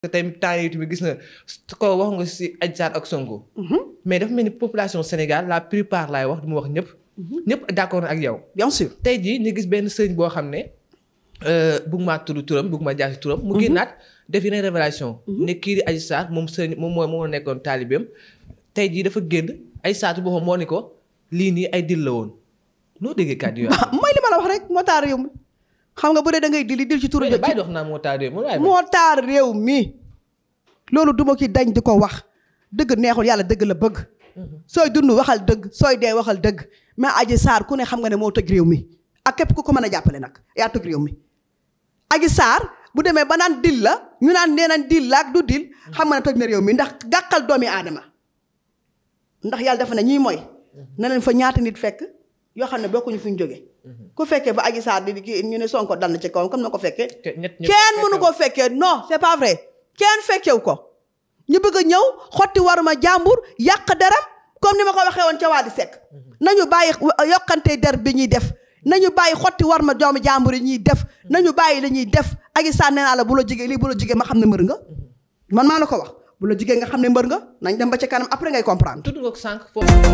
te tey temps yi gis na ko wax nga si Adji Sarr ak Sonko. Mhm. mais dafa mel ni population Sénégal la plupart laay wax du ma wax ñëpp. Mhm. ñëpp d'accord ak yow. bien sûr tey jii ñu gis benn sëñ boo xam ne euh, bëgg maa tudd turam bugg ma jaar si turam. mu mhm. génnaat def yeneen révélation ne kii di Adji Sarr moom sëñ moom moo moo nekkoon taalibeem tey jii dafa génn ay saatu boo xam moo ni ko lii nii ay dil la woon noo déggee kàddu yi. xam nga bu dee da ngay dili dil ci turu. bay dox naa moo taar réew mi moo taar réew mi loolu du ma ki dañ di ko wax dëgg neexul yàlla dëgg la bëgg. sooy dund waxal dëgg sooy dee waxal dëgg mais Adji saar ku ne xam nga ne moo tëj réew mi ak képp ku ko mën a jàppale nag yaa mi. Adji Sarr bu demee ba naan dil la ñu naan nee naan dil ak du dil xam nga ne tëj na réew mi ndax gàkkal doomi aadama ndax yàlla dafa ne ñii mooy. neneen fa ñaata nit fekk yoo xam ne bokkuñu fu ñu jógee. Mhm. ku fekkee ba Adji Sarr di kii ñu ne Sonko dal na ci kawam comme na ko fekkee. kenn mënu koo fekkee non c'est pas vrai kenn fekkewu ko. ñu bëgg a ñëw xotti ma jàmbur yàq dara comme ni ma ko waxee woon ca waa di sekk mhm. nañu bàyyi yokkante der bi ñuy def nañu bàyyi xotti waruma doomu jàmbur yi ñuy def mhm. nañu bàyyi la ñuy def Adji Sarr nee naa la bu la jigee lii bu la jigee ma xam ne mbër nga man maa la ko wax bu la jigee nga xam ne mbër nga nañ dem ba ci kanam après ngay comprendre. tudd nga ko sànq foofu.